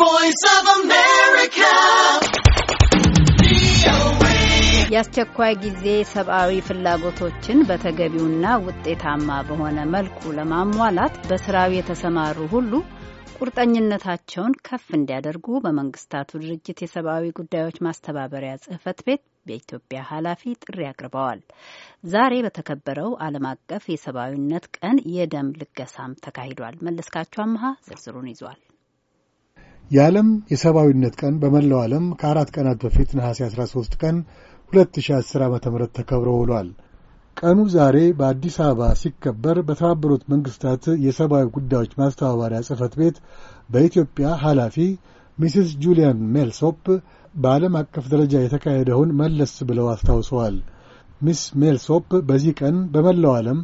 voice of America. የአስቸኳይ ጊዜ ሰብአዊ ፍላጎቶችን በተገቢውና ውጤታማ በሆነ መልኩ ለማሟላት በስራው የተሰማሩ ሁሉ ቁርጠኝነታቸውን ከፍ እንዲያደርጉ በመንግስታቱ ድርጅት የሰብአዊ ጉዳዮች ማስተባበሪያ ጽህፈት ቤት በኢትዮጵያ ኃላፊ ጥሪ አቅርበዋል። ዛሬ በተከበረው ዓለም አቀፍ የሰብአዊነት ቀን የደም ልገሳም ተካሂዷል። መለስካቸው አመሀ ዝርዝሩን ይዟል። የዓለም የሰብአዊነት ቀን በመላው ዓለም ከአራት ቀናት በፊት ነሐሴ 13 ቀን 2010 ዓ ም ተከብሮ ውሏል። ቀኑ ዛሬ በአዲስ አበባ ሲከበር በተባበሩት መንግሥታት የሰብአዊ ጉዳዮች ማስተባበሪያ ጽሕፈት ቤት በኢትዮጵያ ኃላፊ ሚስስ ጁሊያን ሜልሶፕ በዓለም አቀፍ ደረጃ የተካሄደውን መለስ ብለው አስታውሰዋል። ሚስ ሜልሶፕ በዚህ ቀን በመላው ዓለም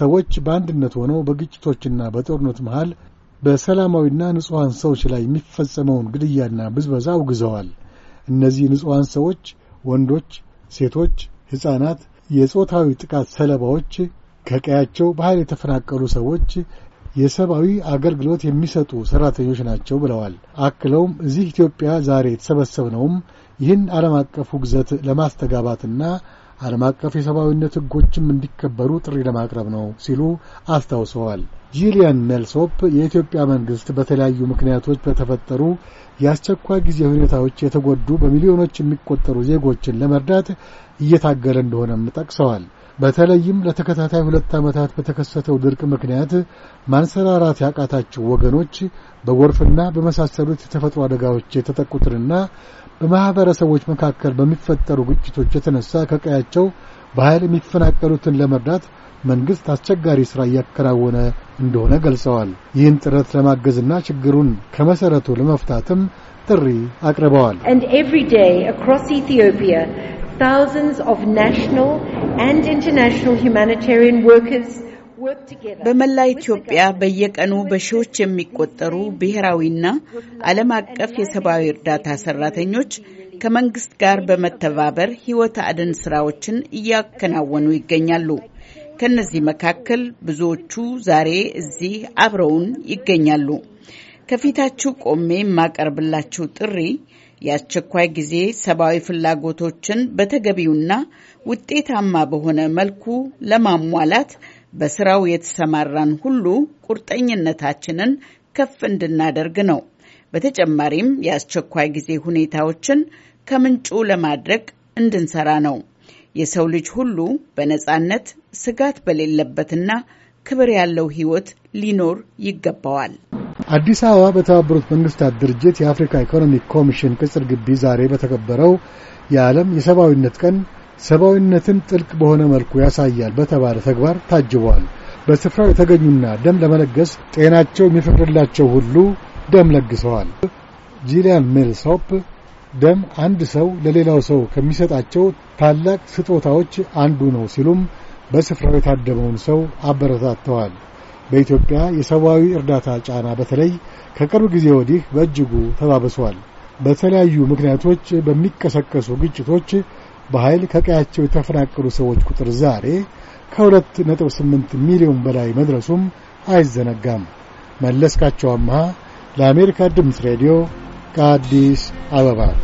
ሰዎች በአንድነት ሆነው በግጭቶችና በጦርነት መሃል በሰላማዊና ንጹሐን ሰዎች ላይ የሚፈጸመውን ግድያና ብዝበዛ አውግዘዋል። እነዚህ ንጹሐን ሰዎች ወንዶች፣ ሴቶች፣ ሕፃናት፣ የጾታዊ ጥቃት ሰለባዎች፣ ከቀያቸው በኃይል የተፈናቀሉ ሰዎች፣ የሰብአዊ አገልግሎት የሚሰጡ ሠራተኞች ናቸው ብለዋል። አክለውም እዚህ ኢትዮጵያ ዛሬ የተሰበሰብነውም ይህን ዓለም አቀፍ ውግዘት ለማስተጋባትና ዓለም አቀፍ የሰብአዊነት ሕጎችም እንዲከበሩ ጥሪ ለማቅረብ ነው ሲሉ አስታውሰዋል። ጂሊያን ሜልሶፕ የኢትዮጵያ መንግሥት በተለያዩ ምክንያቶች በተፈጠሩ የአስቸኳይ ጊዜ ሁኔታዎች የተጎዱ በሚሊዮኖች የሚቆጠሩ ዜጎችን ለመርዳት እየታገለ እንደሆነም ጠቅሰዋል። በተለይም ለተከታታይ ሁለት ዓመታት በተከሰተው ድርቅ ምክንያት ማንሰራራት ያቃታቸው ወገኖች በጎርፍና በመሳሰሉት የተፈጥሮ አደጋዎች የተጠቁትንና በማኅበረሰቦች መካከል በሚፈጠሩ ግጭቶች የተነሳ ከቀያቸው በኃይል የሚፈናቀሉትን ለመርዳት መንግሥት አስቸጋሪ ሥራ እያከናወነ እንደሆነ ገልጸዋል። ይህን ጥረት ለማገዝና ችግሩን ከመሠረቱ ለመፍታትም ጥሪ አቅርበዋል። በመላ ኢትዮጵያ በየቀኑ በሺዎች የሚቆጠሩ ብሔራዊና ዓለም አቀፍ የሰብአዊ እርዳታ ሠራተኞች ከመንግስት ጋር በመተባበር ሕይወት አድን ስራዎችን እያከናወኑ ይገኛሉ። ከነዚህ መካከል ብዙዎቹ ዛሬ እዚህ አብረውን ይገኛሉ። ከፊታችሁ ቆሜ የማቀርብላችሁ ጥሪ የአስቸኳይ ጊዜ ሰብአዊ ፍላጎቶችን በተገቢውና ውጤታማ በሆነ መልኩ ለማሟላት በስራው የተሰማራን ሁሉ ቁርጠኝነታችንን ከፍ እንድናደርግ ነው። በተጨማሪም የአስቸኳይ ጊዜ ሁኔታዎችን ከምንጩ ለማድረግ እንድንሰራ ነው። የሰው ልጅ ሁሉ በነጻነት ስጋት በሌለበትና ክብር ያለው ሕይወት ሊኖር ይገባዋል። አዲስ አበባ በተባበሩት መንግስታት ድርጅት የአፍሪካ ኢኮኖሚክ ኮሚሽን ቅጽር ግቢ ዛሬ በተከበረው የዓለም የሰብአዊነት ቀን ሰብአዊነትን ጥልቅ በሆነ መልኩ ያሳያል በተባለ ተግባር ታጅበዋል። በስፍራው የተገኙና ደም ለመለገስ ጤናቸው የሚፈቅድላቸው ሁሉ ደም ለግሰዋል። ጂሊያን ሜልሶፕ ደም አንድ ሰው ለሌላው ሰው ከሚሰጣቸው ታላቅ ስጦታዎች አንዱ ነው ሲሉም በስፍራው የታደመውን ሰው አበረታተዋል። በኢትዮጵያ የሰብአዊ እርዳታ ጫና በተለይ ከቅርብ ጊዜ ወዲህ በእጅጉ ተባብሷል። በተለያዩ ምክንያቶች በሚቀሰቀሱ ግጭቶች በኃይል ከቀያቸው የተፈናቀሉ ሰዎች ቁጥር ዛሬ ከ2.8 ሚሊዮን በላይ መድረሱም አይዘነጋም። መለስካቸው አምሃ ለአሜሪካ ድምፅ ሬዲዮ ከአዲስ However.